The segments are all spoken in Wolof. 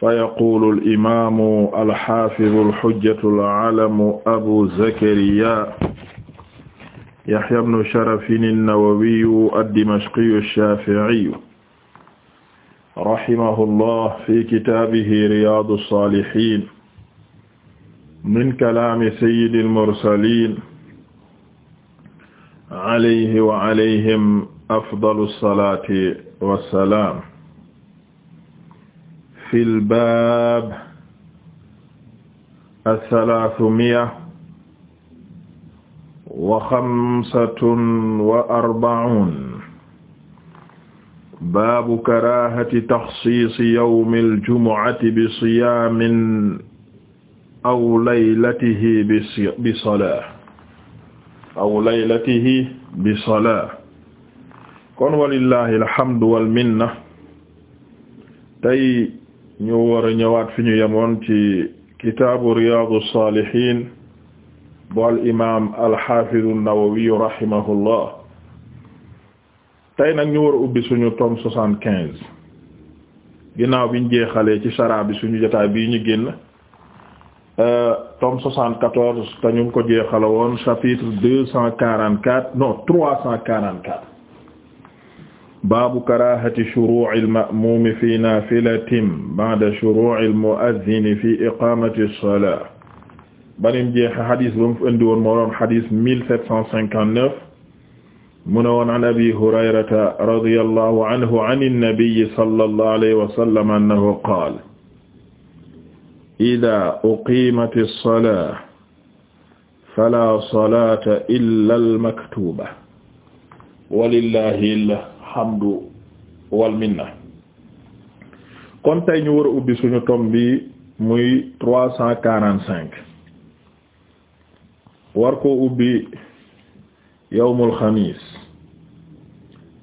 فيقول الإمام الحافظ الحجة العلم أبو زكريا يحيى بن شرف النووي الدمشقي الشافعي رحمه الله في كتابه رياض الصالحين من كلام سيد المرسلين عليه وعليهم أفضل الصلاة والسلام fi lbaab althalaathumiya wa xamsatun wa arbaun baabu karaahati taxsiisi yawmi aljumuati bi siyaamin aw laylatihi bi solaa aw laylatihi bi solaa kon walillahi alhamdu walminna tey ñu war a ñëwaat fi ñu yemoon ci kitaabu riyaadu saalihiin bu al imaam al xaafidu nawawi rahimahullah tey nag ñu war a ubbi suñu tome soixante quinze ginnaaw biñ jeexalee ci saraa bi suñu jotaay bii ñu génn euh, tome soixante quatorze te ñu ngi ko jeexale woon chapitre deux cent quarante quatre non trois cent quarante quatre baabu karaahati shuruu'i al-ma'muumi fi naafilatin ba'da shuruu'i al-mu'azzini fi iqaamati as-salaah banim jeexe xadis ba mu indi woon moo doon xadis mille sept cent cinquante-neuf mu ne woon an abi hurayrata radiyallahu anhu an an-nabiyyi sallallahu alayhi wa sallam annahu qaala idaa uqiimati as-salaah falaa salaata illal maktuuba walillaahil alhamdu wal minna kon tey ñu war ubbi suñu tom bi muy trois cent quarante war koo ubbi yawmul xamiis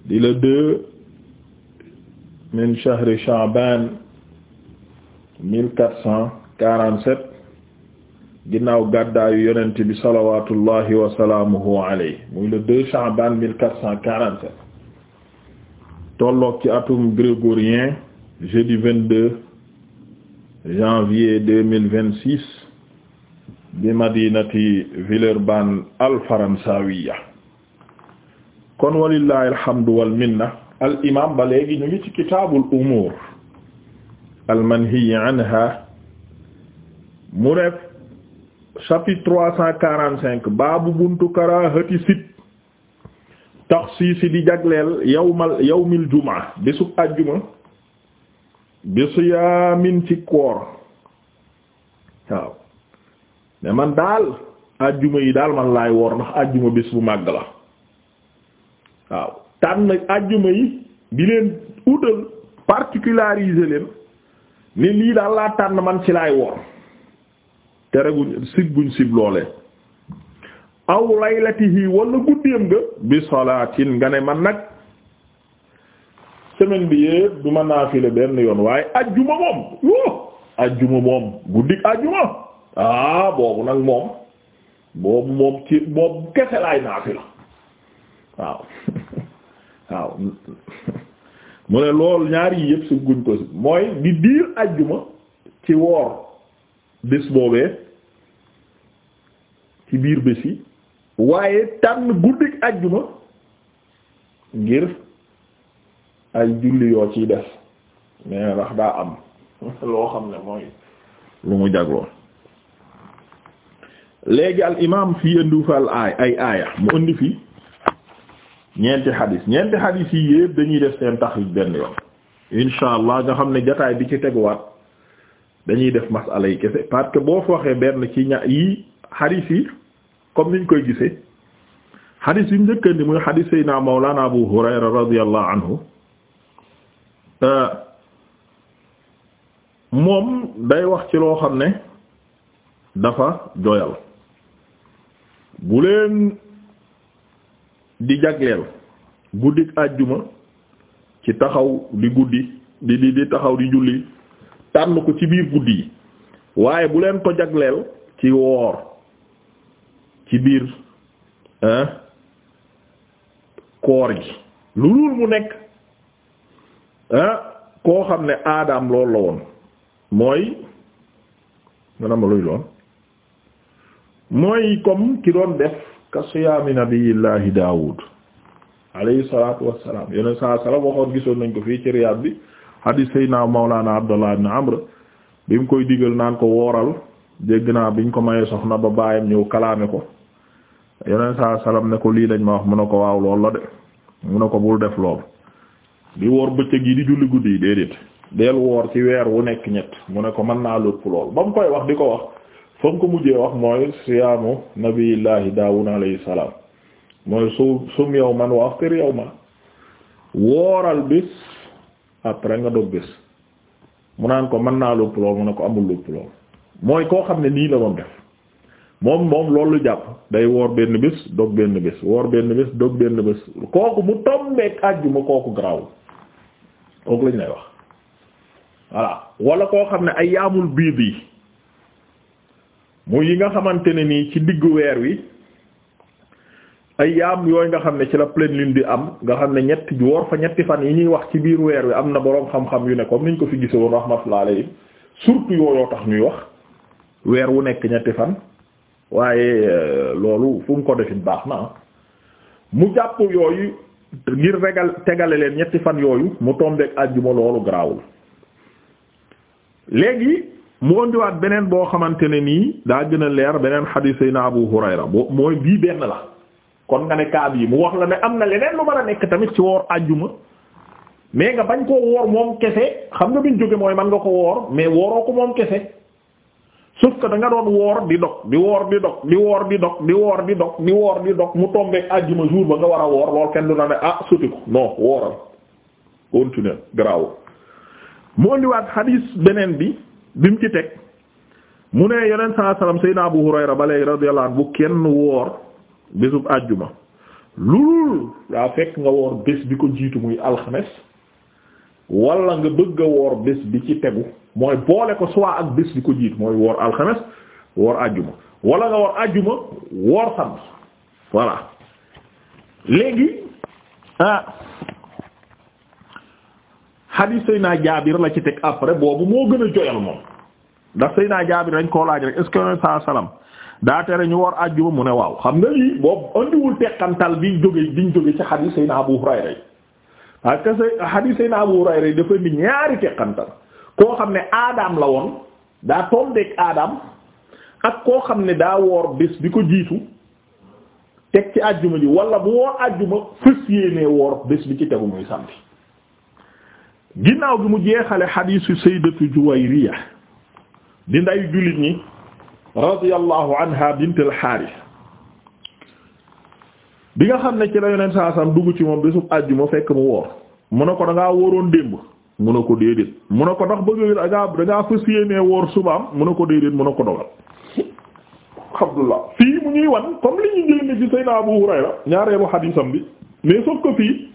di le deux min shahri sha'ban mille quatre cent quarante sept ginnaaw gàddaayu yonent bi salawatullahi wa salaamuhu alayhi muy le deux sha'ban mille quatre cent tolloog ci atum grégorien jeudi 22 janvier 2026 bi madinati Villeurbanne al-Faransawiya kon walillahi alhamdu wal minna al imam ba léegi ñu ngi ci kitaabul umuur al manhiyi anha mu def chapitre 345 baabu buntu karahati sit si di jagleel yawmal yawmil jumaa bésub àjjuma bésu yaamin ci koor waaw ne man daal àjjuma yi daal man laay wor ndax àjjuma bés bu màgg la waaw tànn àjjuma yi di leen utal particulariser leen ne lii daal laa tànn man ci lay woor tere guñ sib guñ sib loolee aw laylatihi wala guddeem nga bi salaatin nga ne man nag semaine bi yépp du naafile benn yoon waaye ajjuma moom yoo ajjuma moom guddi ajjuma ah boobu nag moom boobu moom ci boobu kese laay naafila waaw waaw mu ne loolu ñaar yi yépp si guñ ko si mooy di diir ajjuma ci woor bés boobee ci biir bés yi waaye tànn guddik ajjuma ngir ay julli yoo ciy def mais ndax daa am loo xam ne mooy lu mu jagloo léegi al imam fii indi fa al ay aya mu indi fi ñeenti xadis ñeenti xadis yi yëpp dañuy def seen taxrij benn yoon insha allah nga xam ne jataay bi ci teguwaat dañuy def masala yi kese parce que boo waxee benn ci ña yi xadis yi comme niñ koy gisee xadis bi njëkk a di muy xadis Seydina Mawlana Abu Hurayra radiyallahu anhu euh, moom day wax ci loo xam ne dafa joyal bu leen di jagleel guddi ci taxaw di guddi di di di taxaw di julli tànn ko ci biir guddi yi waaye bu leen ko jagleel ci woor ci koor gi lu dul mu nekk koo xam ne aadaam loolu la woon mooy mana ma luy loon mooy comme ki doon def ka siyaami nabiyillahi daawud alayhi salatu wassalam yoneen saa salam waxoon gisoon nañ ko fii ci Riyad bi hadis sayna mawlana abdullah ibn amr bi mu koy digal naan ko wooral dégg naa biñ ko mayee soxna ba baayam ñëw kalaame ko yeneen sa salaam ne ko lii lañ ma wax mu ne ko waaw lool la de mu ne ko bul def lool di woor bëccëg yi di julli guddi yi déedéet deel woor ci weer wu nekk ñett mu ne ko mën naa lëpp lool mu wax di ko wax fa ko mujjee wax mooy siyaamu nabiyillahi daawun alayhi salaam mooy su sum yawman wa aftir yawman wooral bis dog bis mu naan ko mën naa lëpp lool mu ne ko amul lëpp lool mooy koo xam ne nii la doon def moom moom loolu jàpp day woor benn bés dog benn bés woor benn bés dog benn bés kooku mu tombeek àjjuma kooku garaawul kooku lañ lay wax voilà wala koo xam ne ay yaamul biid bi mu yi nga xamante ne nii ci diggu weer wi ay yaam yooyu nga xam ne ci la pleine lune bi am nga xam ne ñetti woor fa ñetti fan yi ñuy wax ci biir weer wi am na boroom xam-xam yu ne comme niñ ko fi gise woon rahmatullahi yi surtout yooyoo tax ñuy wax weer wu nekk ñetti fan waaye euh, loolu fu mu ko defit baax na mu jàpp yooyu ngir regal tegale leen ñetti fan yooyu mu tombeeg àjjuma loolu garaawul léegi mu indiwaat beneen boo xamante ne nii daa gën a leer beneen xadiis yi na Abu Hurayra bo mooy bii benn la kon nga ne kaab yi mu wax la ne am na leneen lu mën a nekk tamit ci woor àjjuma mais nga bañ koo woor moom kese xam nga biñ jóge mooy man nga ko woor mais wooroo ko moom kese sauf que da nga doon woor di dog di woor di dog di woor di dog di woor di dog di woor di dog mu tombeek àjjuma jour ba nga war a woor lool kenn du na ne ah sotti ko non wooral continuer garaaw mu indiwaat xadiis beneen bi bi mu ci teg mu ne yeneen saa salaam Seydina Abu Hurayra ba léegi radiyallahu anhu bu kenn woor bésub àjjuma lu daa fekk nga woor bés bi ko jiitu muy alxames wala nga bëgg a woor bés bi ci tegu mooy boole ko soit ak bis bi ko jiit mooy woor alxames woor àjjuma wala nga woor àjjuma woor samedi voilà léegi ah hadith Seyna Jaabir la ci teg après boobu moo gën a joyal moom ndax Seyna Jaabir dañ koo laaj rek est-ce que yoneen saa salaam daa tere ñu woor àjjuma mu ne waaw xam nga lii boobu andiwul teqantal bi jóge biñ jóge ci hadith Seyna Abu Hurayra ak sa hadith sayna Abu Hurayra yi dafa indi ñaari teqantal koo xam ne aadaam la woon daa tombeek aadaam ak koo xam ne daa woor bés bi ko jiitu teg ci àjjuma ji wala bu woor àjjuma fës yéenee woor bés bi ci tegu muy samedi ginnaaw bi mu jeexale xadiisu sayyidatu Juwayriya di nday jullit ñi radiyallahu anha bint al bi nga xam ne ci la yonent saa sam dugg ci moom bésub àjjuma fekk mu woor mu ne ko da wooroon démb mu na ko déedéet mu ne ko ndax bëgg da ngaa da woor subaam mu ne ko déedéet mu ne ko dogal Abdullah fii mu ñuy wan comme li ñu jël ci Seydina Abu Hurayra ñaareelu xadiisam bi mais sauf que fii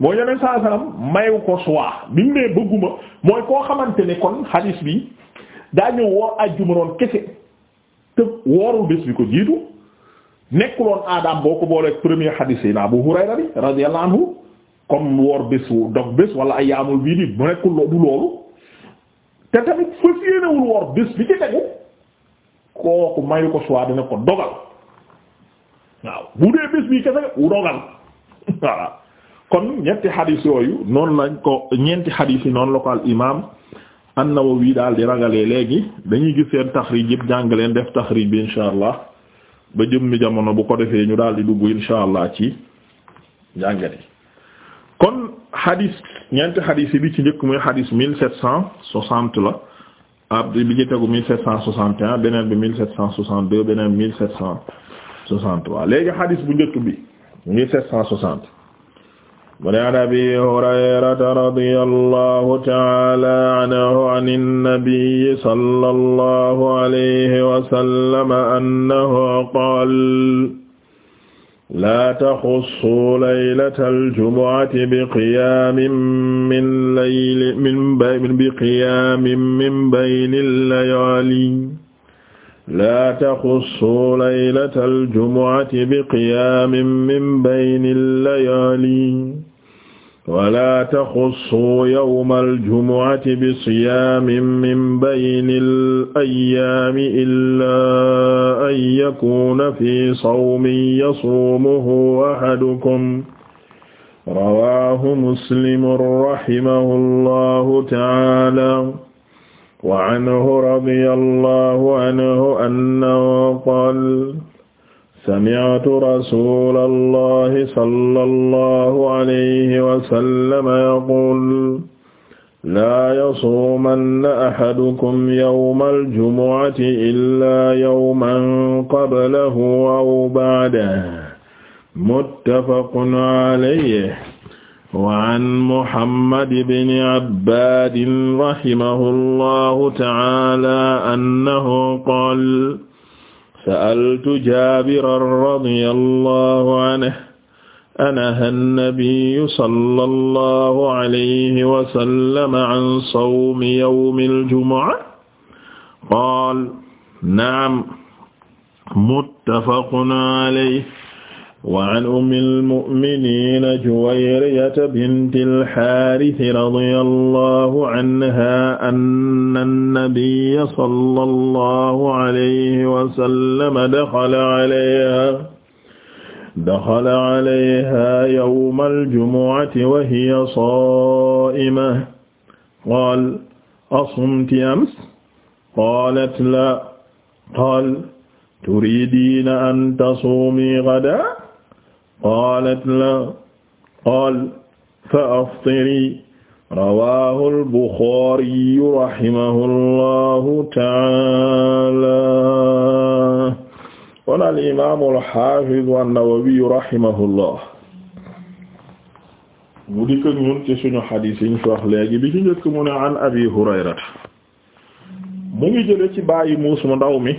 mooy yeneen saa salaam mayu ko choix bi mu bëgguma mooy koo xamante ne kon xadiis bi daa ñëw woor àjjuma noonu kese te woorul bés bi ko jiitu. nekkuloon aadaam boo ko booleeg premier hadith yi na Abu Hurayra bi radiyallahu anhu comme woor bés dog bés wala ay yaamul bii di mu nekkul du loolu te tamit fas yéenewul woor bés bi ci tegu kooku mayu ko soit dina ko dogal waaw bu dee bés bii kese wu dogal kon ñetti hadith yooyu noonu lañ ko ñeenti hadith yi noonu la ko al imaam an-Nawawi daal di ragalee léegi dañuy gis seen taxrij yëpp jàng leen def taxrij bi insha allah. ba jëmmi jamono bu ko defee ñu daal di dugg insha allah ci njàngat kon hadis ñeenti hadis yi bi ci njëkk muy hadis mille sept cent soixante la ab bi ci tegu mille sept cent soixante et un beneen bi mille sept cent soixante deux beneen mille sept cent soixante trois léegi hadis bu njëkk bi mille sept cent soixante mu ne an abi hurayrata radiyallahu ta'ala anhu an nabiy sallallahu alayhi wa sallam annahu qaala laa taxussuu laylatal jumu'ati biqiyaamin min layli min bay biqiyaamin min baynil layaali laa taxussuu laylatal jumu'ati biqiyaamin min baynil layaali wala taxussuu yawma aljumuati bisiyaamin min bayni al-ayyaami illaa an yakuuna fi sawmin yasuumuhu ahadukum rawaahu muslimun rahimahullahu ta'aala wa anhu radiyallahu anhu annahu qaala sami'tu rasulallahi sallallahu alayhi wa sallam yaqul laa yasuumanna ahadukum yawmal jumu'ati illaa yawman qablahu aw ba'dahu muttafaqun alayhi wa an Muhammad ibn Abbaad rahimahu llahu ta'aala annahu qaala sa'altu jaabiran radiyallahu anhu anaha nnabiyu sallallahu alayhi wa sallam an sawmi yawmil jumu'a qaala na'am muttafaqun alayhi wa an ummil mu'miniina Juwayriyata bintil Haarisi radiyallahu anhaa anna nabiyya sallallahu alayhi wa sallam daxala alayhaa daxala alayhaa yawmal jumu'ati wa hiya saa'imatun qaala asumti ams qaalat laa qaala turiidiina an tasuumii gadan qaalat la qaal fa aftiri rawahu albuxaariyu rahimahu allahu taala kon alimamu alxafidu annawawiyu rahimahu llah mu dikk ak ñun ci suñu xadiis yi ñu wax léegi bi ci njëkk mu ne an abi hurayrata mu ngi jële ci bàyyi muus mu ndaw mi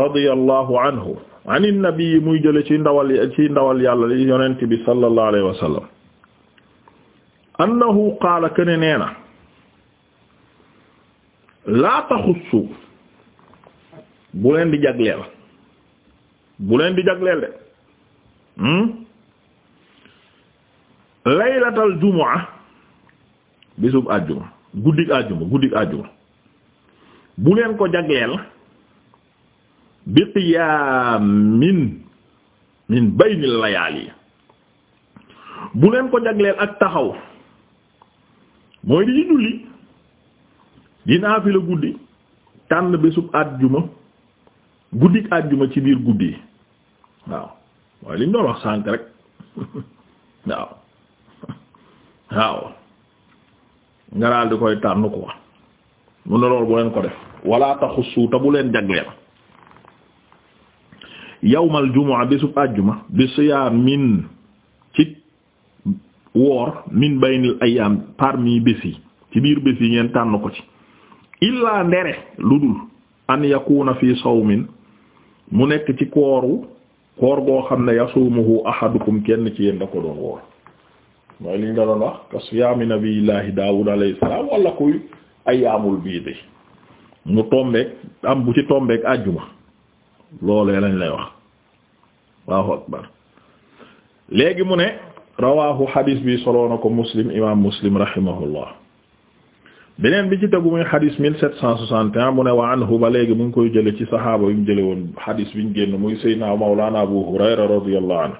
radiyallahu anhu ani nabi muy jële ci ndawal ci ndawal yàlla li yonent bi sallallahu alayhi wa sallam annahu qaala kene nee na laa taxussu bu leen di jagleel bu leen di jagleel de hmm? laylatal jumaa bisub àjjuma guddik àjjuma guddik àjjuma bu leen ko jagleel bi qiyaamin min bayni layaali bu leen ko jagleel ak taxaw mooy di ci julli di naafila guddi tànn bésub àjjuma guddik àjjuma ci biir guddi yi waaw mooy liñ doon wax sànk rek waaw waaw nga daal di koy tànn ko mun na loolu bu leen ko def walla taxussu te bu leen jagleel yawmal jumaa bésub àjjuma bi siyaamin ci woor min baynil ayyaam parmi bés yi ci biir bés yi ngeen tànn ko ci illaa ndere lu dul an fi sawmin mu nekk ci kooru koor goo xam ne yasumuhu ahadukum kenn ci yéen da ko doon woor mooy liñ la doon wax ka siyaami nabiyillaahi daawud alayhi salaam wala kuy ayyaamul biidi mu tombeek am bu ci tombeek àjjuma loolee lañ lay wax Allahu akbar léegi mu ne rawahu xadis bi soloo na ko muslim imam muslim rahimahullah beneen bi ci tegu muy xadis mille sept cent soixante et un ne wa anhu ba léegi mu ngi koy jële ci saxaaba yu mu jële woon xadis bi ñu mu muy sayyidina mawlana abu hurayra radiyallahu anhu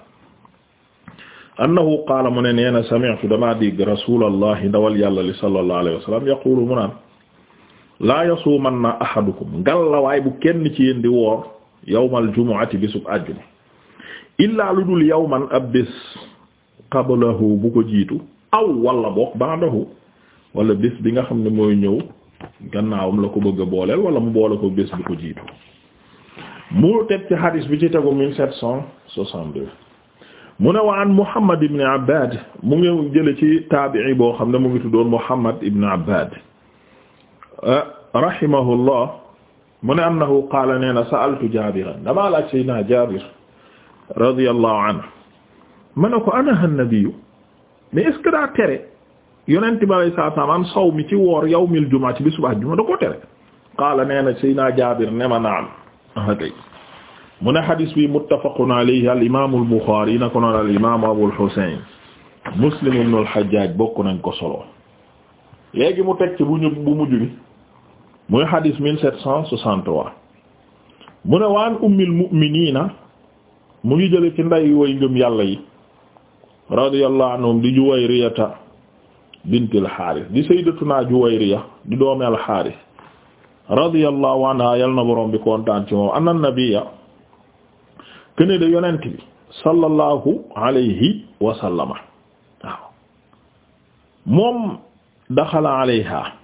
annahu qaala mu ne nee na sami'tu damaa dégg rasulallahi ndawal yàlla li sallallahu alayhi wa sallam yaqulu mu naan laa yasuumanna ahadukum bu kenn ci yéen di woor yawmal jumu'ati bisub àjjuma illaa lu dul yawman ab bés qablahu bu ko jiitu aw wala boog ba'dahu wala bés bi nga xam ne mooy ñëw gannaaw gannaawam la ko bëgg booleel wala mu boole ko bés bi ko jiitu mu teg ci xadis bi ci tegu 1762 mu ne wa an Muhammad ibn Abbad mu ngi jële ci taabi'i boo xam ne mu ngi tuddoon Muhammad ibn Abbad eh, rahimahullah mu ne annahu qaala nee na sa'altu jaabiran damaa laaj sayyidina jaabir radiyallahu anhu ma ne ko anaha nabiyu mais est-ce que daa tere yonent bi alayhi salaatu salaam an saw mi ci woor yawmil jumaa ci bisu àjjuma da ko tere qaala nee na sayyidina jaabir ne ma naam akay mu ne xadis bi muttafaqun alayhi al imaamu al Buxaari na ko noon al imaamu Abul Husayn Muslim ibn al Hajjaaj bokk nañ ko solo léegi mu teg ci bu ñu bu mujj bi muy hadis mille sept cent soixante-trois mu ne waan ummil mu'miniina mu ngi jële ci nday way ngëm yàlla yi radiyallahu anhum di Juwayriyata bintil Haaris di sayyidatuna Juwayriya di doomi al Haaris anha yal na borom bi ci moom anna nabiyya kene yonent bi sallallahu alayhi wa moom daxala alayha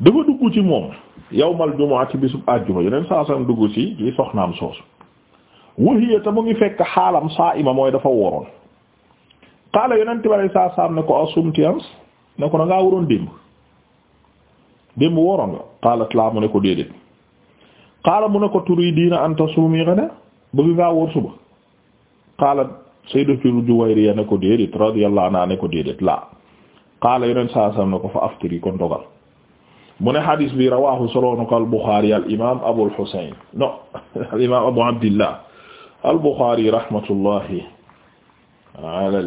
dafa dugg ci moom yawmal jumaa ci bisub àjjuma yeneen saa saa dugg ci ci soxnaam soosu wahiya ta mu ngi fekk xaalam saa ima mooy dafa woroon xaala yeneen tibare saa saam ne ko asumti am ne ko dangaa waroon démb démb woroon nga laa mu ne ko déedéet xaala mu ne ko turi diina anta suumi xane bëgg ngaa wor suba xaalat sayyidatu Juwayriya ne ko déedéet radiyallahu anha ne ko déedéet laa xaala yeneen saa saam ne ko fa aftiri kon dogal mu ne hadis bi rawahu soloonu ko al-Bukhari al imam Abul Husayn no al imam Abu Abdillah al-Bukhari rahmatullahi ala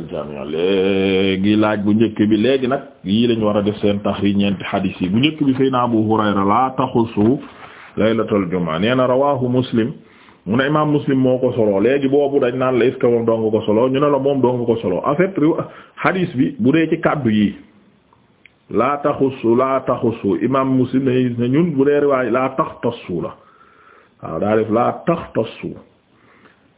laaj bu njëkk bi léegi nag yii lañ war a def seen taxriij ñeenti hadis yi bu njëkk bi Seydina Abu Hurayra la taxusu laylatul jumaa nee na rawahu Muslim mu ne imam Muslim moo ko solo léegi boobu dañ naan la est-ce moom dong ko solo ñu ne la moom dong ko solo en fait hadis bi bu dee ci kaddu yi laa taxussu laa taxussu imaam muslim ne ñun bu dee riwaay laa tax taxtassu la waaw daa def laa taxtassu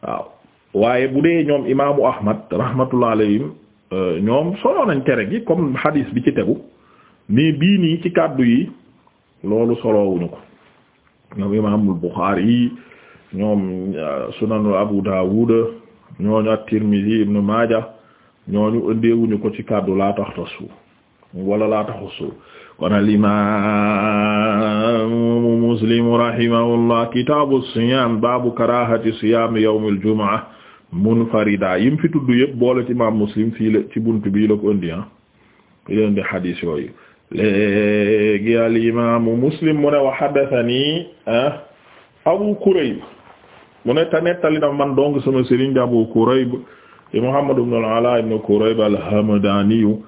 waaw waaye bu dee ñoom imaamu ahmad rahmatullah alayhim euh, ñoom solo nañ tere gi comme hadis bi ci tegu mais bii nii ci kàddu yi loolu solowuñu ko ñoom imaamul buxaari ñoom euh, sunanu abu daawud ñooñu at-tirmidhi ibnu maaja ñooñu ëndeewuñu ko ci kàddu laa tax taxtassu wala laa taxusu kon al imaamu muslim rahimahullah kitaabu siyaam baabu karaahati siyaami yawmil jumaa munfarida yim fi tudd yëpp boole ci imaam muslim fii la bii la ko indi ah al imaamu muslim mu ne wa ah, abu kurayb mu ne te nettali na man dong sama sëriñ abu kurayb di muhammad ibn alaa ibn kurayb al hamdaaniyu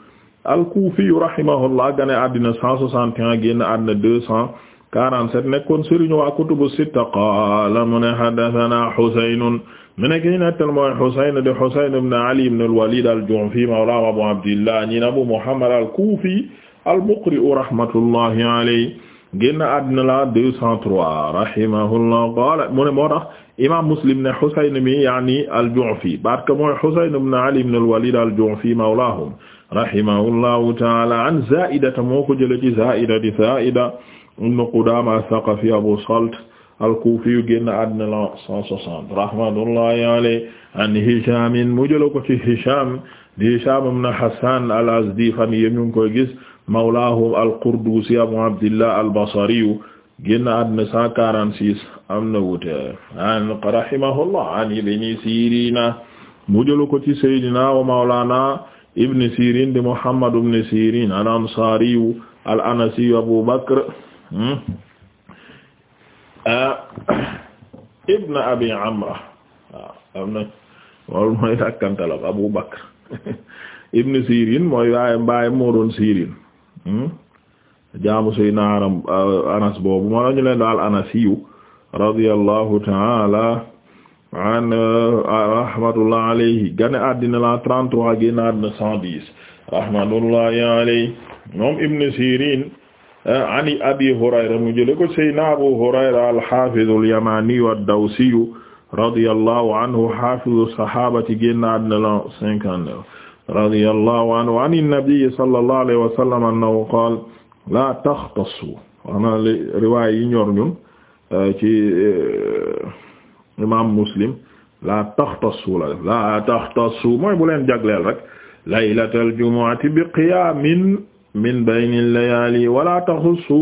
al-Kufiyu rahimahullah gane àddina 161 génn àddina 247 nekkoon sëriñu waa kutubu sitta qaala mu ne haddathana Husaynun mu ne kii nettal de Husayn ibn Ali ibn al-Walid al-Ju'fi mawla Abu Abdillah ñi mu ne moo tax imam Muslim ne Husayn mi yaani al-Ju'fi barke Ali ibn al-Walid al-Ju'fi rahimahullahu taala an zaidata moo ko jële ci zaida di zaida ibn Qudaama ath-Thaqafi Abu Salt al-Kufi yu génn àddina la 160 rahmatullahi alayhi an Hisham mu jële ko ci Hisham di Hisham ibn Hasan al-Azdi fan yi ñu ngi koy gis mawlaahum al-Qurdusi Abu Abdillah al-Basri génn àddina 146 am na wuute an rahimahullah an Ibn Sirina mu jële ko ci Seydina wa Mawlana ibn Sirin di Muhammad ibn Sirin al-Ansari al-Anasi Abu Bakr hmm? ah, ibn Abi Amra waaw am na loolu mooy dàkkantalam Abu Bakr ibn Sirin mooy waaye mbaay Sirin hmm? jaamu suy naaram ah, Anas boobu moo la ñu leen daal Anasiyu radiyallahu ta'ala an ah, rahmatullah alayhi gane addina la 33 génn addina 110 rahmatullahi alayhi moom Ibn Sirin ah, ani Abi Hurayra mu jële ko Seydina Abu Hurayra al-Hafiz al-Yamani ad-Dawsi radiyallahu anhu hafiz sahabati génn addina la 59 radiyallahu anhu an an-nabi sallallahu alayhi wa sallam annahu qala la takhtassu ana riwaaya yi ñor ñun ah, ci eh, imam muslim la taxtassu la def la taxtassu mooy bu leen jagleel rek laylatal jumu'ati bi qiyaamin min baynil layaali wala taxussu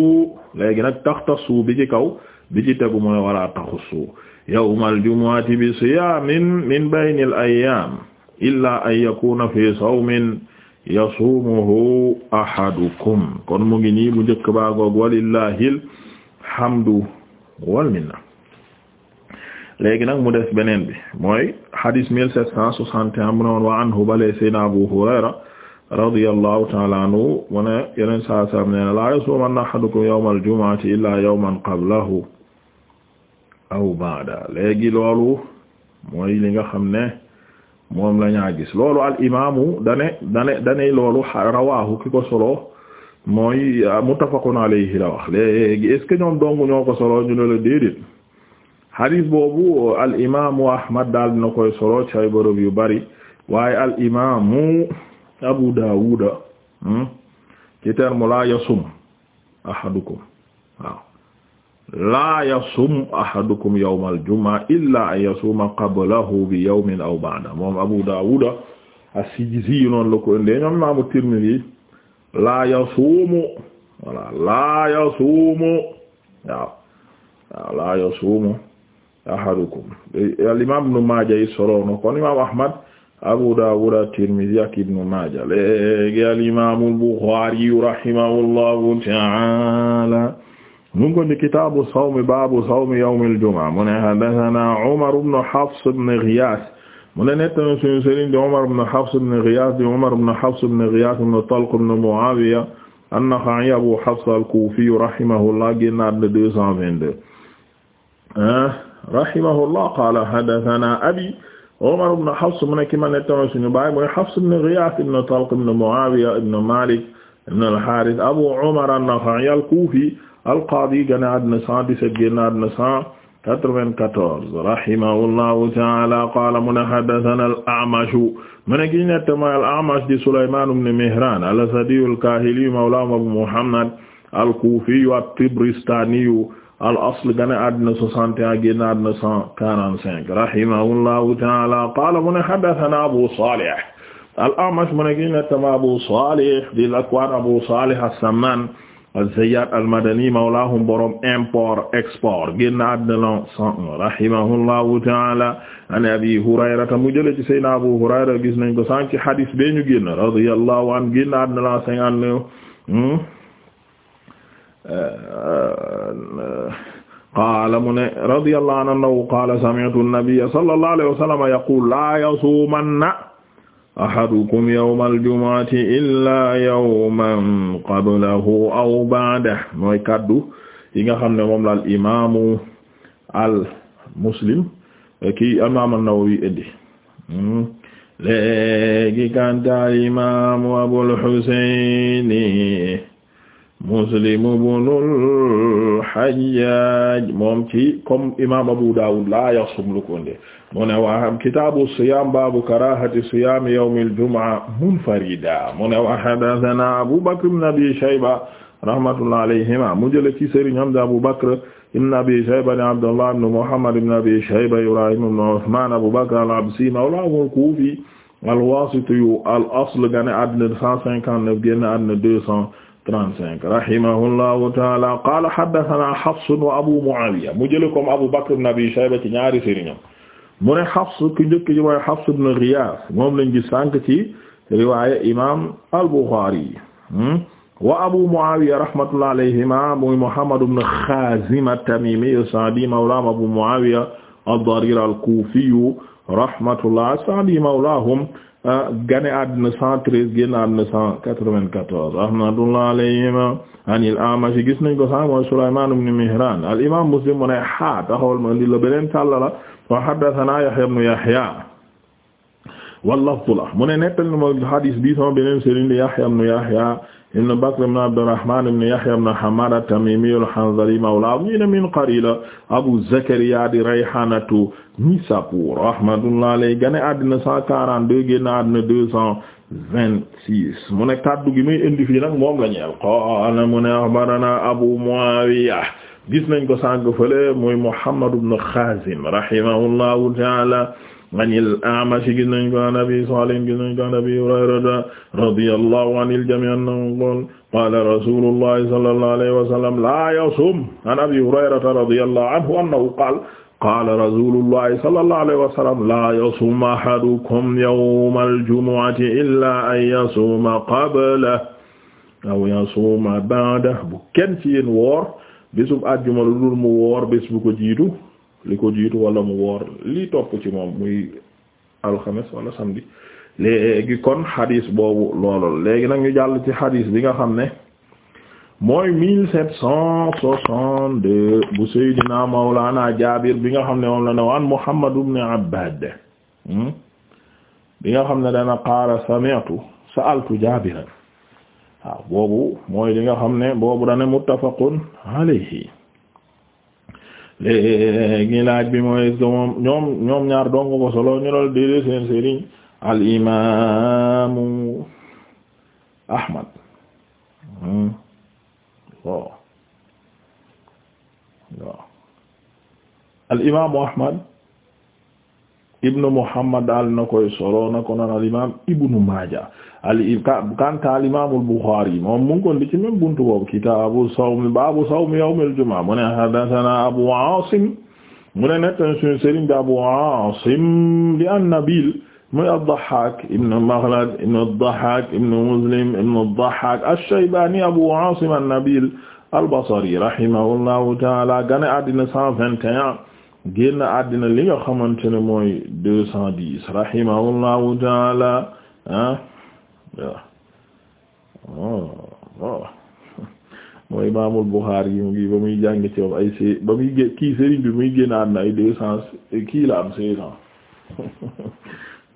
léegi nag taxtassu bi ci kaw bi ci tegu mooy wala taxussu yawmal jumu'ati bi siyaamin min baynil ayyaam illaa an yakuuna fi sawmin yasuumuhu ahadukum kon mu ngi nii bu njëkk baagoog walillahil hamdu wal minna léegi nag mu des beneen bi mooy hadis mille sept cent soixante et un mu ne woon wa anhu bale sayna Abu Hurayra radiyallahu ta'ala anhu mu ne yeneen saa la nee na laa yasuumanna ahadukum yawmal jumu'ati illa yawman qablahu aw ba'da léegi loolu mooy li nga xam ne moom la ñaa gis loolu al imaamu dane dane dane loolu rawaahu ki ko mooy muttafaqun alayhi la wax léegi est ce que ñoom dong ñoo ko ñu ne la hadis boobu al imaamu Ahmad daal dina koy solo ci ay bërëb yu bari waaye al imaamu Abu Daawuda hmm, ci terme laa yasum ahadukum waaw laa yasum ahadukum yawm al jumaa illa an yasuma qablahu bi yawmin aw ba'da moom Abu Daawuda as-Sijizi noonu la ko indee ñoom imaamu Tirmidhi laa yasuumu voilà laa yasuumu waaw waaw laa yasuumu ahadukum al imam ibn Maaja yi sorono kon imam Ahmad Abu Dawud at-Tirmidhi ak ibn Maaja léegi al imam al-Bukhari rahimahullahu ta'ala mu ngi ko ni kitaabu sawmi baabu sawmi yawmil jumaa mu ne haddathana Umar ibn Hafs ibn Ghiyaas mu ne nettana suñu sëriñ di Umar ibn Hafs ibn Ghiyaas di Umar ibn Hafs ibn Ghiyaas ibn Talq ibn Mu'aawiya an-Nakha'i Abu Hafs al-Kufi rahimahullah génn na 222 rahimahullah qala hadathana abi omar ibn hafs mu ne ki ma nettama suñu baay mooy hafs ibn ghiyath ibn talq ibn muawiya ibn malik ibn al-harith abu umar an-nakha'i al-kufi al-qadi génn àddina 117 génn àddina 194 rahimahullahu ta'ala qala mu ne hadathana al-a'mash mu ne ki nettama al-a'mash di sulayman ibn mihran al-asadi al-kahili mawla abu muhammad al-kufi at-tabaristani al asl gane àddina soixante et un génn àddina cent quarante-cinq rahimahullahu ta'ala qaala mu ne haddathana Abu Salih al-A'mash mu ne ki nettama Abu Salih di Zakwaan Abu Salih as-Samman az-Zayyat al-Madani mawlaahum borom import export génn àddina lan cent un rahimahullahu ta'ala an Abi Hurayrata mu jële ci Seydina Abu Hurayra gis nañ ko sànq ci hadis bee ñu génn radiyallahu anhu génn àddina lan cinquante-neuf qaala mu ne radiyallahu anhu qaala sami'tu an-nabiyya sallallahu alayhi wa sallam yaqulu laa yasuumanna ahadukum yawmal jumu'ati illaa yawman qablahu aw ba'dahu mooy kaddu yi nga xam ne moom laal imaamu al muslim kii imaam an-Nawawi indi léegi kan daal imaamu Abul Husayn Muslim ibnul Hajjaaj moom ci comme imaam Abu Daawud laa yasum lu ko nde mu ne wa kitaabu siyaam baabu karaahati siyaami yawmil jumu'a munfarida mu ne wa haddathanaa Abu Bakr ibn Abi Shayba rahmatullahi alayhimaa mu jële ci Sëriñ Hamza Abu Bakr ibn Abi Shayba ne Abdullah ibn Muhammad ibn Abi Shayba Ibraahiim ibn Usmaan Abu Bakr al-Absi mawlaahul Kuufi al-Waasiti al-asl gane àddina 159 génn àddina 200 35 rahimahullahu taala qaala haddathana Hafs wa Abu Muawiya mu jëlee comme Abu Bakr ibn Abi Shayba ci ñaari sëriñam mu ne Hafs ki njëkk ji mooy Hafs ibn Ghiyath moom lañ gis sànq ci riwaaya imaam al-Bukhari hmm? wa Abu Muawiya rahmatullahi alayhima muy Muhammad ibn Khazim at-Tamimi as-Sa'di mawlaahum Abu Muawiya ad-Darir al-Kufi rahmatullahi as-Sa'di mawlaahum Ah, gane àddina cent gen génn na cent quatre-vingt-quatorze rahmatullah alayhima anil Amash gis nañ ko sax mooy Sulaymaan ibn Mihraan al imaam Muslim mu ne ha taxawal ma indi la beneen sàlla la wa haddathanaa Yahyaa ibn Yahyaa wal lafdu mu ne nettali ma hadiis bi sama beneen sëriñ di Yahyaa ibn Yahyaa ibn Bakr ibn Abdurrahman ibn Yahya ibn Hammad at-Tamimi al-Hanzali mawla ñu ne min Qarila Abu Zakariya di Rayhanatu Nisapur rahmatullahi alayhi gane àddina 142 génn àddina 226 mu ne kaddu gi muy indi fii nag moom la ñeel qaala mu ne akhbarana Abu Muawiya gis nañ ko sànq fële muy Muhammad ibn Khazim rahimahullahu ta'ala anil A'mash gis nañ ko an Abi Salih gis nañ ko an Abi Hurayra radiyallahu anil jami' annahu qala qala rasulullahi sallallahu alayhi wa sallam la yasum an Abi Hurayra radiyallahu anhu annahu qala qala rasulullahi sallallahu alayhi wa sallam la yasum ahadukum yawmal jumu'ati illa an yasuma qablahu aw yasuma ba'dahu bu kenn ci yéen woor bésub àjjuma lu dul mu woor bés bu ko jiitu li ko jiitu wala mu woor li topp ci moom muy alxames wala samedi léegi kon xadis boobu loolol léegi nag ñu jàll ci xadis bi nga xam ne mooy mille sept cent soixante-deux bu Seydina Mawlana Jaabir bi nga xam ne moom la ne waan Muhammad ibn Abbad hmm? bi nga xam ne dana qaala sami'tu sa'altu Jaabiran waaw boobu mooy li nga xam ne boobu dana muttafaqun alayhi léegi laaj bi mooy est-ce que moom ñoom ñoom ñaar dong ko solo ñu lool Ahmad hmm. waaw waaw Ahmad ibnu Muhammad daal na koy solo na ko noon al imaam ibnu Maaja al kanta al imaam al Buxaari moom mu ngi ko ndi ci même buntu boobu kitaabu sawmi baabu sawmi yawmil jumaa mu ne haddasanaa Abu Aasim mu ne nettan suñu sëriñ bi Abu Aasim di an-Nabiil muy ad-Dahhaak ibnu Maghlad ibnu ad-Dahhaak ibnu Muslim ibnu ad-Dahhaak ash-Shaybaani Abu Aasim an-Nabiil al-Basri rahimahullahu ta'aala gane àddina 121 génn àddina li nga xamante ne mooy deux cent dix rahimahullahu taala ah waaw waaw mooy imaamul Buxaari yi mu ngi ba muy jàng ci ay see ba muy gé kii sëriñ bi muy génn àddina ay deux cent kii la am seize ans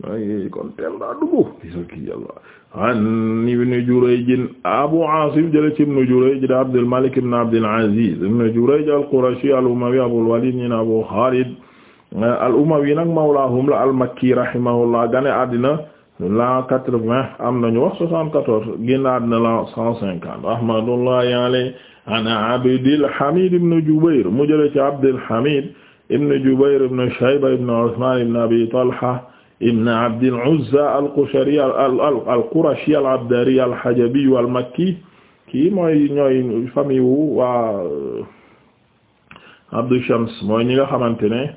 ay kon teel daa dugg isa kii yàlla an ibn Jurayj Abu Asim jële ci ibn Jurayj da Abdul Malik ibn Abdul Aziz ibn Jurayj al-Qurashi al-Umawi Abul Walid ñi na Abu Khalid al-Umawi nag mawlahum la al-Makki rahimahullah gane àddina la quatre-vingts am nañu wax soixante-quatorze génn àddina la cent cinquante rahmatullahi alayhi an Abdul Hamid ibn Jubayr mu jële ci Abdul Hamid ibn Jubayr ibn Shayba ibn Uthman ibn Abi Talha ibn Abdil Uzza al-Qushari al-Qurashi al-Abdari al-Hajabi al-Makki kii mooy ñooy famille wu waa euh, Shams mooy ñi nga xamante ne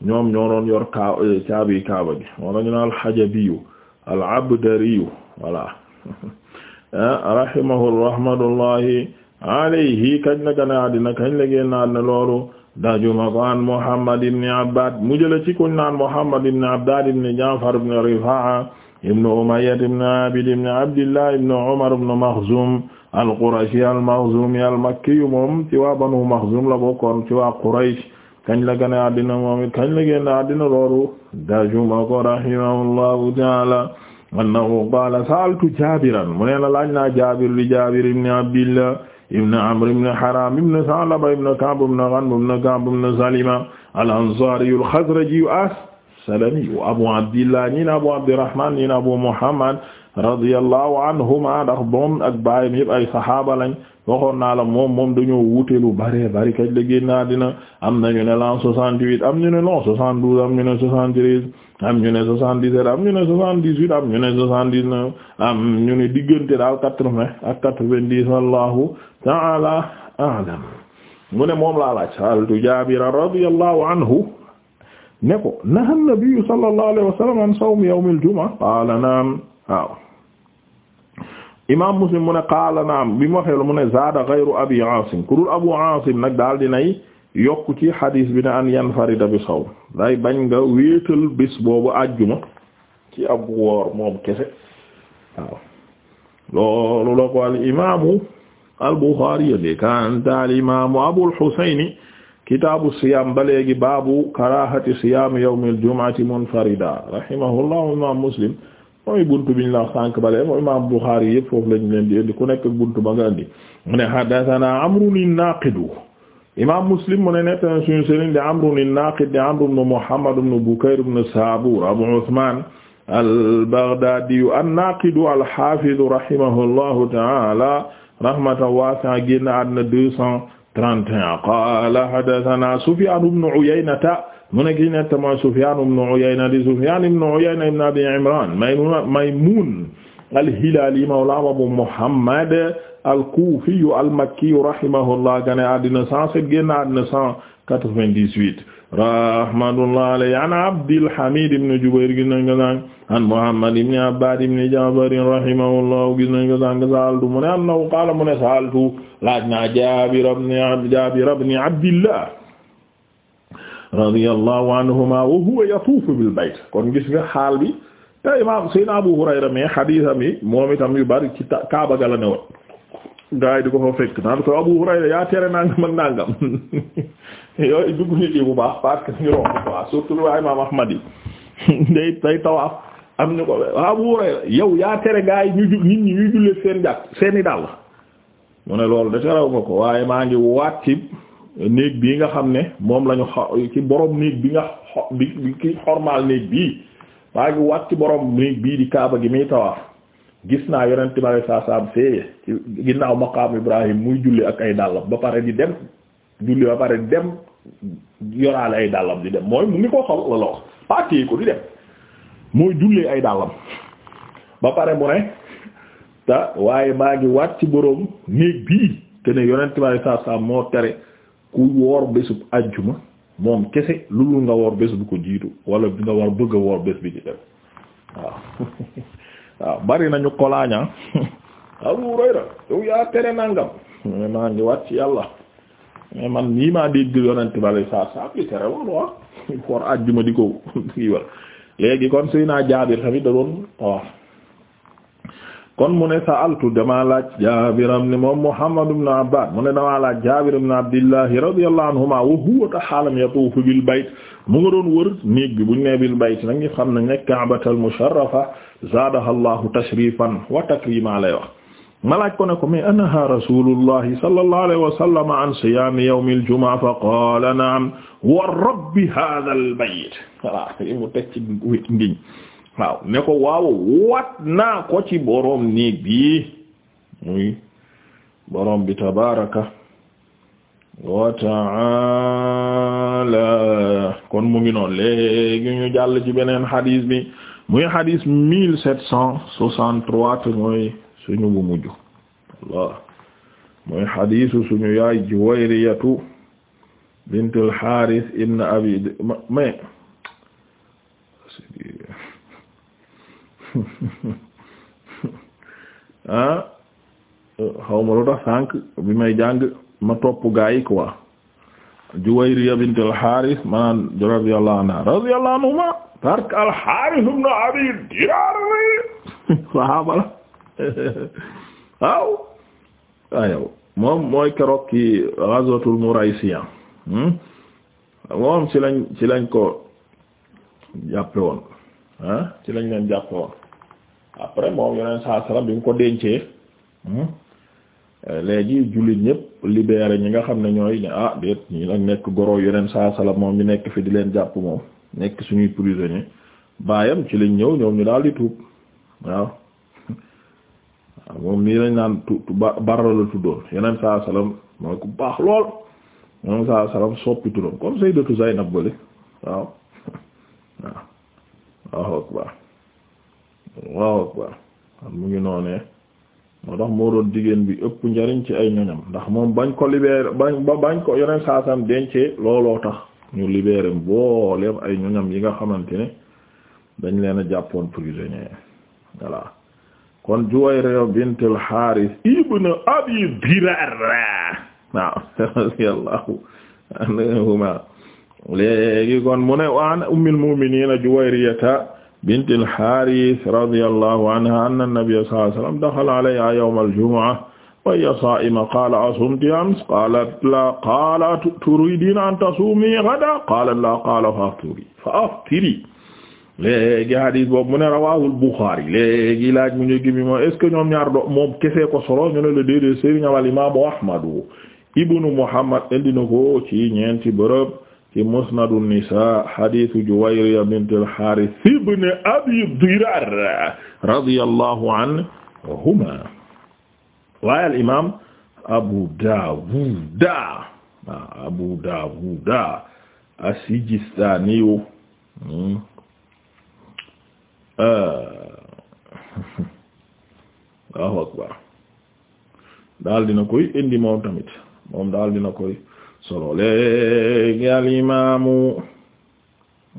ñoom ñoo doon yor kaa euh, caabi kaaba gi moo nañu na al-Hajabi al-Abdari voilà ah, rahimahu rahmatullahi alayhi kañ la gane àddina kañ la génn àddina loolu dajuma ko an Muhammad ibn Abbad mu jële ci kuñ naan Muhammad ibn Abbad ibn Ja'far ibn Rifa'a ibn Umayya ibn Abid ibn Abdillah ibn Umar ibn Makhzum al-Qurashi al-Makhzumi al-Makki moom ci waa Banu Makhzum la bokkoon ci waa Quraysh kañ la gane addina moom it kañ la génn addina loolu dajuma ko rahimahullahu ta'ala annahu qala sa'altu Jabiran mu ne la laaj naa Jabir li Jabir ibn Abdillah ibn Amr ibn Haram ibn Sa'laba ibn Ka'b ibn Ghanm ibn Ka'b ibn Salima al-Ansari al-Khazraji as-Salami Abu Abdillah ñi na Abu Abdirrahman ñi na Abu Muhammad radiyallahu anhuma ndax moom ak baayam yëpp ay saxaaba lañ waxoon naa la moom moom dañoo wuute lu bare bari kañ la génn àddina am na ñu ne non soixante-douze am ñu ne soixante ñu ne soixante-dix-sept am ñu ne soixante-dix-huit am ñu ne diggante daal quatre ak quatre-vingt-dix wallahu ta'ala a'lam mu ne moom laa laaj saaltu Jaabir radiyallahu anhu ne ko naha nabiyu sallallahu alayhi wa sallam sawmi yawmil jumu'a qaala naam waaw imam muslim mu ne qaala naam bi mu waxee la zaada ghayru abi asim ku dul abu asim nag daal dinay yokk ci xadis bi ne an yanfarida bi sawm day bañ nga wéetal bis boobu ci ab woor moom kese waaw loolu la al imamu al-Bukhari yëndee kanta al imamu abul husayni kitaabu siyaam ba baabu karahati siyaam yawmil jumu'ati munfarida rahimahullah imam muslim mooy buntu biñ la sànq bale mooy imaam Buxaari yëpp foofu lañ leen di indi ku nekk buntu ba nga indi mu ne haddasanaa Amrun an-Naaqid imaam Muslim mu ne nett suñu sëriñ di Amrun an-Naaqid di Amr ibn Muhammad ibn Bukayr ibn Saabuur Abu Usmaan al-Baghdaadi an-Naaqid al-Haafiz rahimahullahu ta'aala rahmatan 31 qaala haddasanaa Sufyaan ibnu Uyaynata mu nekk ci nett mooy Sufyaan ibnu Uyayna di Sufyaan ibnu Uyayna ibnu Abi Imraan Maymuun al-Hilaali mawlaa Abu Muhammad al-Kuufi al-Makki rahimahullah gane àddina 107 génn àddina 98 rahmatullah alayhi an Abdil Hamid ibn Jubayr gis nañ ko sànq an Muhammad ibn Abbad ibn Ja'far rahimahullah gis nañ ko sànq saaltu mu ne annahu qaala mu ne saaltu laaj naa Jaabir ibn Jaabir ibn Abdillah radiyallahu anhuma wa huwa yatuufu bil bayt kon gis nga xaal bi te imaam Seydina Abu Hurayra mais xadiisam yi moom itam yu bari ci Kaaba ga la newoon. gaa yi di ko fa fekk naan ko Abu Hurayra yaa tere nangam ak nangam. yooyu dugg ci bu baax parce que ñu romb quoi surtout lu waa Ahmad yi day day tawaaf am ñu ko Abu Hurayra yow yaa tere gaa yi ñu ju nit ñi ñuy jullee seen jàkk seeni dàll mu ne loolu de terew nga ko waaye maa ngi waat ci néeg bii nga xam ne moom lañu ci borom néeg bi nga xo bi ki xormaal néeg bii maa ngi waat ci borom néeg bii di kaaba gi muy tawaaf gis naa yonent bi sallallahu alayhi fee ci ginnaaw maqaam Ibrahim muy julli ak ay dàllam ba di dem julli ba pare dem yoraale ay dàllam di dem mooy mu ngi ko sol wala wax pàttee ko di dem mooy jullee ay dàllam ba pare mu ne te waaye maa ngi waat ci boroom néeg bii te yonent bi alei saatu moo tere ku woor bésub ajjuma moom kese lu dul nga woor bés bu ko jiitu wala bi nga war bëgg a woor bés bi ci def waaw bari nañu kolaaña ah. Abu Hurayra yow yaa tere nangam maa ngi waat ci yàlla mais man nii maa dégg yonent bale saa saa bi tere woon waaw for àjjuma di ko kii kon suy naa jaabir tamit da doon waaw kon mu ne sa'altu damaa laaj jaabir ibn moom muhammad ibn abbad mu ne damaa laaj jaabir ibn abdillahi radiyallahu anhuma wa huwa ta xaalam yatuufu bil bayt mu nga doon wër néeg bi buñ ne bil bayt nag ñu xam ne zaadaha allahu tashrifan wa takriman lay wax ma laaj ko ne ko mais anaha rasulullahi sallallahu alayhi wa sallam an siyaami fa qaala naam wa rabbi haadhal bayt ci ngiñ waaw ne ko waaw naa ko ci boroom néeg bi muy boroom bi tabaraka wa ta'ala kon mu ngi noonu léegi ñu jàll ci beneen xadiis bi muy xadiis mille sept cent soixante-trois mooy suñu bu mujj Allah mooy xadiisu suñu yaay Juwayriyatu bint al-Haaris abi ah, ma lu tax sànq bi may jàng ma topp gaa yi quoi Juwayriya bint al-Haaris maanaam radiyallahu anha radiyallahu anhuma parce abi Diraar sahaaba la waaw waayow ah, moom mooy keroog ki ghazwatul Muraysiya hmm? moom ci lañ ci lañ ko jàppe woon ah ci lañ leen jàppe woon après moom yeneen saa bi nga ko dencee hmm? eh, léegi jullit ñépp libéré ñi nga xam ne ñooy ne ah déet ñi nag nekk goro yeneen saa salaam moom ñu nekk fi di leen jàpp moom nekk suñuy prisonnier baayam ci lañ ñëw ñoom ñu daal di tuub waaw moom nii lañ naan tu barra la tuddoon yeneen saa salaam mooy ku baax lool yeneen saa salaam soppi turam comme Sayyidatu Zaynab bële waaw waaw waaw akbar waaw akbar mu ngi noonee moo tax moo doon jigéen bi ëpp njariñ ci ay ñoñam ndax moom bañ ko libéré bañ ba bañ ko yeneen saa salaam dencee looloo tax ñu libéré mbooleem ay ñoñam yi nga xamante ne dañ leen a jàppoon prisonnier voilà. kon Juwayriya bint al-Haaris ibn Abi Diraar waaw radiyallahu anhuma léegi kon mu ne waan ummul mu'miniina Juwayriyata bint al-Haaris radiyallahu anha anna nabiyya sallallahu alayhi wa sallam dakhala alayha yawm al-jumu'a wa hiya saa'ima qaala asumti amsi qaalat laa qaala turiidiina an tasuumii ghadan qaalat laa qaala fa aftirii fa aftirii léegi hadis boobu mu ne rawaahul Buxaari léegi laaj mu ñu gi mi est-ce ñoom ñaar do moom kese ko solo ñu ne le déedéet sëriñ wal imaam Ahmadu ibnu Muhammad indi ko ci ñeenti bërëb ci Musnadu Nisaa hadisu Juwayriya bint al-Haaris ibn Abi Diraar radiyallahu anhumaa waaye al imaam Abu Daawuda Abu Daawuda as-Sijistaani hmm. waaw euh. akbar daal dina koy indi moom tamit moom daal dina koy solo léegi al imaamu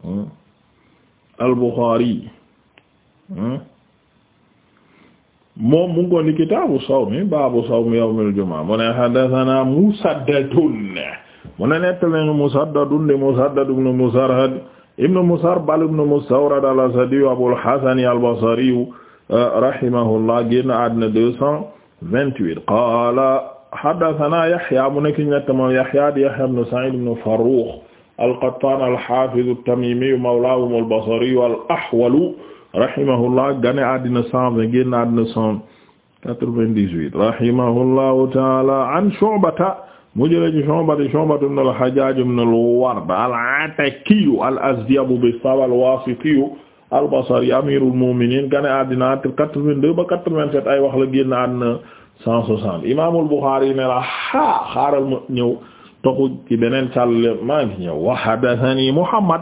hmm, hmm, moom mu ngi ko ni kitaabu sawmi baabu sawmi yawmil jumaa mu ne haddasanaa Musaddadun mu ne nettali Musaddadun de Musaddad ibn Musarhad ibnu Musarbal ibnu Mustawrad al-Asadiyu Abul Hasani al-Basriyu euh, rahimahullah génn àddina deux cent vingt-huit qaala haddathana Yahya mu nekk ñett moom Yahya di Yahya ibnu Sa'id ibnu Farrukh al-Qattan al-Hafiz at-Tamimiyu mawlahum al-Basriyu al-Ahwalu rahimahullah génn àddina cent vingt génn àddina cent quatre-vingt-dix-huit rahimahullahu ta'ala an Shu'bata mu jëlee ci Shu'ba di Shu'ba ibn al-Hajjaj ibn al-Ward al-Ataki al-Azdi Abu al-Wasiti al-Basri amirul mu'minin gane àddina entre quatre-vingt-deux ba quatre ay wax la génn àddina cent soixante imaamul Bukhari ne la haa xaaral ma ñëw toxu ci beneen càll maa ngi ñëw wa haddathani Muhammad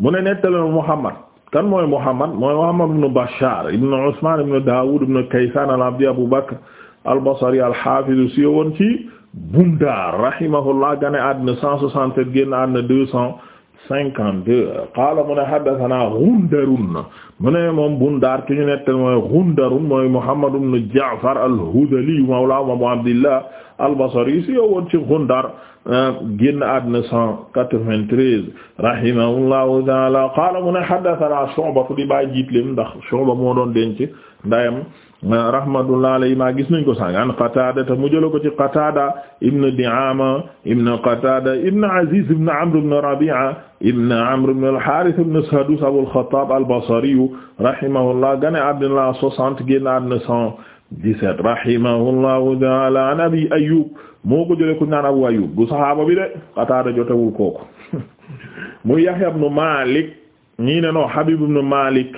mu ne nettali Muhammad kan mooy Muhammad mooy Muhammad ibn Bashar ibn Usman ibn Dawud ibn Kaysan al-Abdi Abu Bakr al-Basri al-Hafiz si woon ci Bundar rahimahullah gane àddina 167 génn àddina 252 qaala mu ne haddathana Ghundarun mu ne moom Bundar ki ñu nettal mooy Ghundarun mooy Muhammad ibn Ja'far al-Hudhali mawla Abu Abdillah al-Basri si woon ci Ghundar génn àddina 193 rahimahullahu ta'ala qaala mu ne haddathana Shu'ba di bàyyi jiitlim ndax Shu'ba moo doon denc ndayam rahmatullah alayhi ma gis nañ ko sàng an Qatada te mu jëla ko ci Qatada ibn Di'ama ibn Qatada ibn Abi Ayyub moo ko jële Abu Ayyub bu saxaaba bi de Qatada jotewul kooku mu Yahya ibn Malik ñii ne no Habib ibn Malik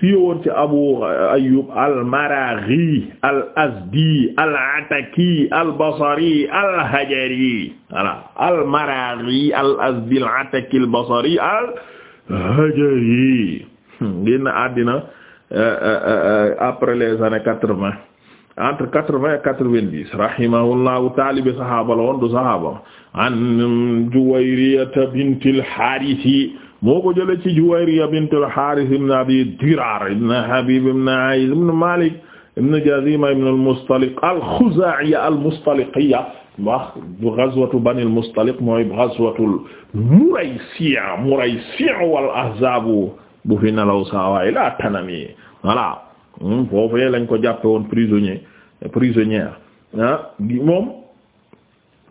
siiwoon ci Abu Ayyub al-Maraghi al-Azdi al-Ataki al-Basri al-Hajari voilà al-Maraghi al-Azdi al-Ataki al-Basri al-Hajari hmm, génn àddina euh, euh, euh, après les années quatre-vingt entre quatre-vingt et quatre-vingt-dix rahimahullahu taala saxaaba la woon du saxaaba an Juwayriyata bintil Haarisi moo ko jëlee ci Juwayriya bint al-Haaris ibn Abi Diraar ibn Habiib ibn A'iz ibn Maalik ibn Jazima ibn al-Mustaliq al-Khuzaa'iya al-Mustaliqiya wax ghazwatu mooy ghazwatul Muraysiya Muraysiya wal ahzaab bu fi nelaw saa waay laa tanami voilà hmm, foofee lañ ko jàppe woon prisonnier prisonnière ah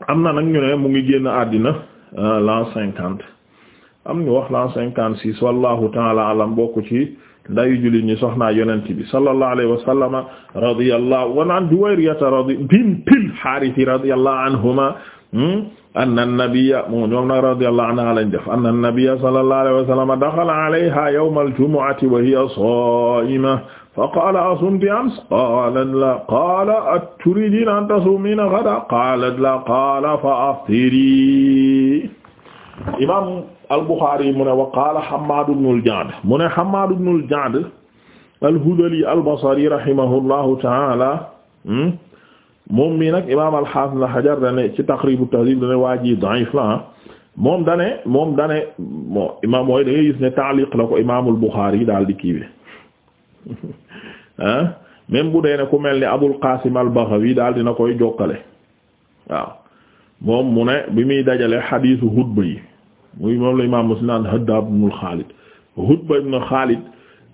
am na nag ñu mu ngi génn àddina euh, l'an cinquante am ñu wax lan cinquante six wallahu taala alam bokk ci ndayu jullit ñi soxnaa yonent bi sallallahu alayhi wa sallama radiyallahu wa an Juwayriyata radi bintil Haaris radiyallahu anhuma hmm, anna nabiyya moo ñoom nag radiyallahu anha lañ def anna nabiyya sallallahu alayhi wa sallama daxala alayha yawma al-jumu'ati wa hiya saa'ima faqaala asumti ams qaalat laa qaala aturidiina an tasuumiina gadan qaalat laa qaala fa aftirii imaam al-Bukhari yi mu ne wa qaala Hammad ibn al-Ja'd mu ne ta'ala hmm, moom mii nag imaam al-Hafiz Ibn Hajar dane ci Taqrib at dane waa dane moom dane bon imaam mooy da ngay gis ne ta'liq la ko imaamul daal di kii bi bu dee ku mel ni Abul Qasim al-Baghawi daal dina koy jokkale waaw moom mu bi muy dajale xadiisu Hudba muy moom la imaam Muslim naan Haddaab Xaalid Hudba ibn Xaalid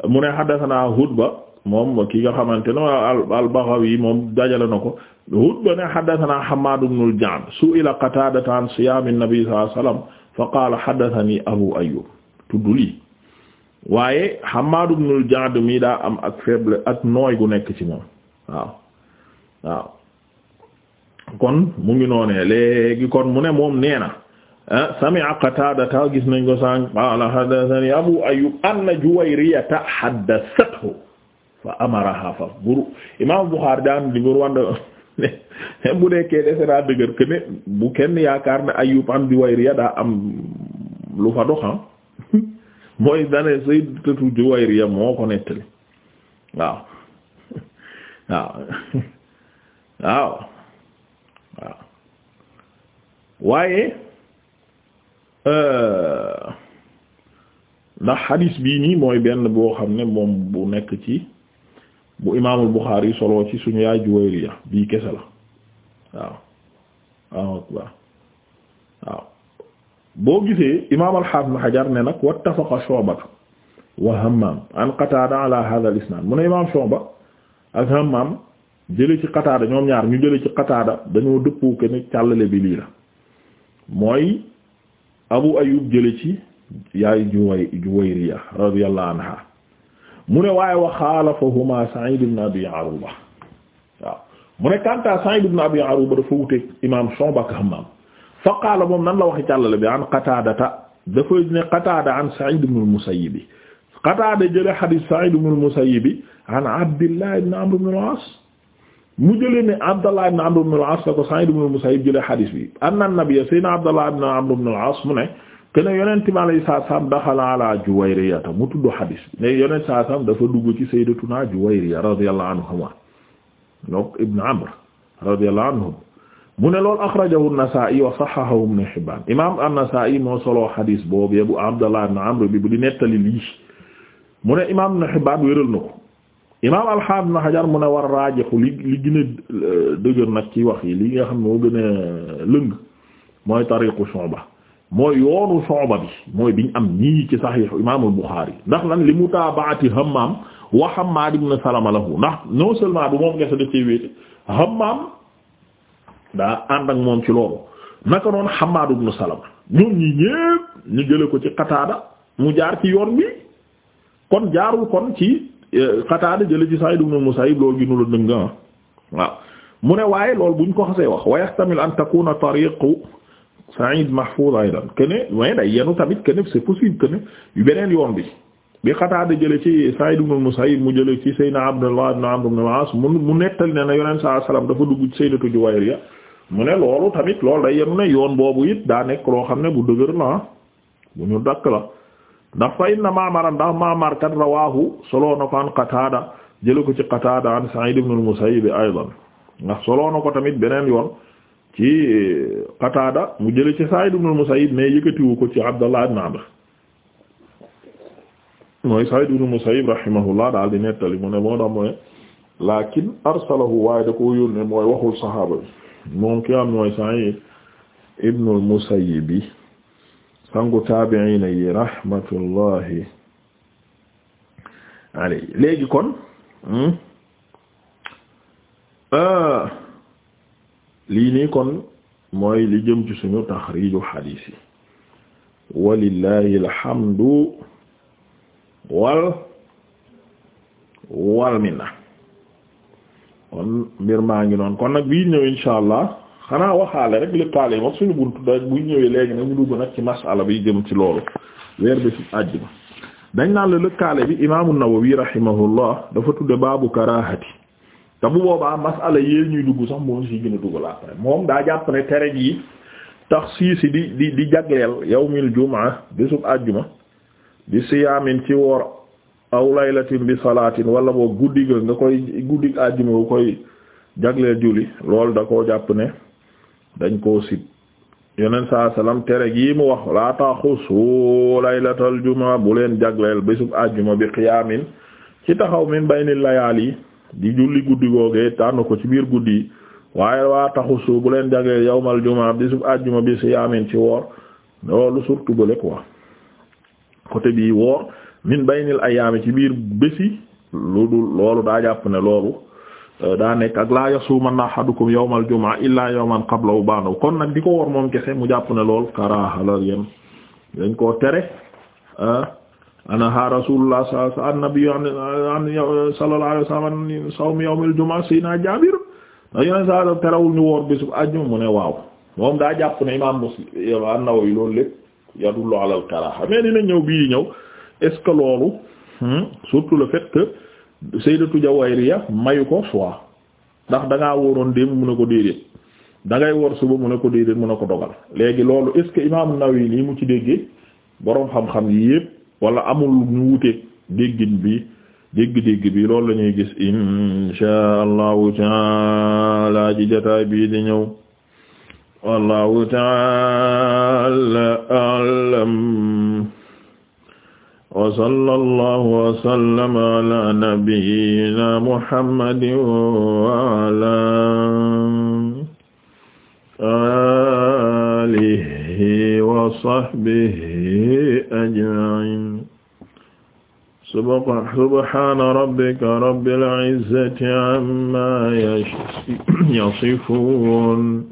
mu ne haddasanaa Hudba moom ki nga xamante ne al-Baghawi moom dajale na ko Hudba ne haddasanaa Hammaad ibn al-Ja'd su'ila siyaam an-nabi sallallahu fa qaala haddasanii Abu Ayyuub tudd lii waaye Hammaad ibn al-Ja'd daa am ak faible ak nooy gu nekk ci moom waaw waaw kon mu ngi noonee léegi kon mu ne moom nee na Ah, sami'a Qataadata gis nañ ko sànq qaala haddathanii Abu Ayyub anna Juwayriyata haddathathu fa amaraha fa buru Imaam Buxaari daan di bur wànd bu nekkee dese daa dëgër que bu kenn yaakaar ne Ayyub am Juwayriya daa am lu fa doxam ah. mooy dane sayyidatu Juwayriya moo ko nettali waaw waaw waaw waaw waaye Euh, ndax xadiis bii nii mooy benn boo xam ne moom bu nekk ci bu imaamul Buxaari solo ci suñu yaay Juwayriya bii kese la waaw waaw waaw boo gisee imaam al-Haafiz Ibn ne nag wattafaqa Shu'ba wa Hammaam an Qataada ala haadha al-isnaad mu imaam Shu'ba ak Hammaam jële ci Qataada ñoom ñaar ñu jële ci Qataada dañoo dëppoo que càllale bi lii la mooy. abu ayub jële ci yaay juway juwayriya radiyallahu anha mu ne waaye wa xaalafahuma sa'id ibn abi aruba waaw mu ne kanta sa'id ibn abi aruba dafa wuteeg imam Shu'ba ak Hammam fa qaala moom nan la waxi càllale bi an qataadata dafa ne qataada an sa'id ibn al-musayyib qataada jële hadith sa'id ibn al-musayyib an abdillah ibn amr ibn al-as mu jëlee ne Abdallah ibn Amr ibn al-As la ko Sa'id ibn Musayyib jëlee xadis bi anna nabiyya sayyidina Abdallah ibn Amr ibn al mu ne kene yonent mi alayhi salaam daxala ala Juwayriyata mu tudd xadis bi ne yonent saa dafa dugg ci sayyidatuna Juwayriya radiyallahu anhuma donc ibn Amr radiyallahu anhum mu ne lool axrajahu an-Nasaa'i wa sahhahahu ibn Hibbaan imaam an-Nasaa'i moo soloo xadis boobu bu Abdallah ibn Amr bi bu di nettali lii mu ne imaam ibn Hibbaan wéral na ko imaam alxaam na xajar mu ne war raajixu li li gën a euh, dëgër nag ci wax yi li nga xam ne moo gën a lëng mooy tariqu Shu'ba mooy yoonu Shu'ba bi mooy biñ am ñii ci saxiix imaamul Buxaari ndax lan li mutaabaati Hammaam wa Hammaad ibn Salama lahu ndax non seulement bu moom gese da ci wéete Hammaam daa ànd ak moom ci loolu naka noon Hammaad ibn Salama ñoom ñi ñépp ñu jële ko ci Qataada mu jaar ci yoon bi kon jaarul kon ci Qataada jële ci Sa'iid ibn Musayyib loolu gi nu la dëng ah waaw mu ne waaye lool bu buñ ko xasee wax wa yahtamil an takuna tariqu Sa'iid mahfuz aydan kene mais day yenu tamit kene c'est possible kene beneen yoon bi bi Qataada jële ci Sa'iid ibn Musayyib mu jële ci Seydina Abdullah ibn Amr ibn al-As mu nettali ne na Yonent sallallahu alayhi wasallam dafa dugg ci Sayyidatu Juwayriya mu ne loolu tamit lool day yenu ne yoon boobu it daa nekk loo xam ne bu dëgër la ah. bu ñu dakk la ndax fa inna Ma'mar ndax Ma'mar kat rawaahu solo na ko an Qatada jëlee ko ci Qatada an Sa'id ibn al-Musayyib aydan ndax solo na ko tamit beneen yoon ci Qatada mu jëlee ci Sa'id ibn al-Musayyib mais yëkkatiwu ko ci Abdallah ibn Amr rahimahullah daal di nettali mu ne moo tax mu ne lakin arsalahu waaye da koo yónnee mooy waxul saxaaba bi moom ki am mooy Sa'id ibn al sangu taabi'ina yi rahmatullahi alayhi léegi kon hmm? euh, lii nii kon mooy li jëm ci suñu taxriiju xadiis yi walillahi alhamdu wal wal minna kon mbir maa ngi noon kon nag bii ñëw insha xanaa waxaale rek lëkkaale moom suñu buntu da bu ñëwee léegi nag ñu dugg nag ci masala bi jëm ci loolu weer bi ci àjjuma dañ naan la lëkkaale bi imaamu Nawawi rahimahullah dafa tudde baabu karahati te bu boobaa masala yee ñuy dugg sax moo si gën a dugg la après moom daa jàpp ne tere gi tax sii si di di di jagleel yawmil jumaa bésub àjjuma bi siyaamin ci woor aw laylatin bi salaatin wala boo guddi nga koy guddi àjjuma nga koy jagleel julli loolu da koo jàpp ne dañ koo sib yonent saa salaam tere gii mu wax laa taxusu laylatal juma bu leen jagleel bésub àjjuma bi qiyaamin ci taxaw min baynil yi di julli guddi googee tànn ko ci biir guddi yi waaye taxu suu bu leen jagleel yawmal juma bésub àjjuma bi siyaamin ci woor loolu surtout bële quoi côté bii woor min baynil ayaami ci biir bési lu dul loolu daa jàpp ne loolu Euh, daa nekk ak laa yasuumanna ahadukum yawmal jumaa illaa yawman qablahu ba'dahu kon nag di ko wor moom kese mu jàpp ne lool karaaha la yem dañ koo tere ah, anaha rasulullah sallallahu alayhi wasallam sallallahu alayhi wasallam an sawmi yawmil jumaa sayna Jaabir dañu ne saa terewul ñu woor bésub àjjuma mu ne waaw moom daa jàpp imaam Muslim an-Nawawi loolu lépp ala al karaaha mais dina ñëw bii ñëw loolu hmm, surtout le fait Sayyidatu Jawaariya mayu ko soit ndax da ngaa wóoroon démb mu ne ko déedéet dangay ngay wóor suba mu ne ko déedéet mu ne ko dogal léegi loolu est ce que Imaam an lii mu ci déggee boroom xam-xam yi yépp wala amul ñu wuteeg déggin bi dégg-dégg bi loolu lañuy ñuy gis insha allahu taala ji jotaay bii di ñëw wallahu taala alam wa sallallahu wa sallam ala nabiyyina muhammadin wa ala alihi wa sahbihi ajma'in subhana rabbika rabbil izzati amma yasifun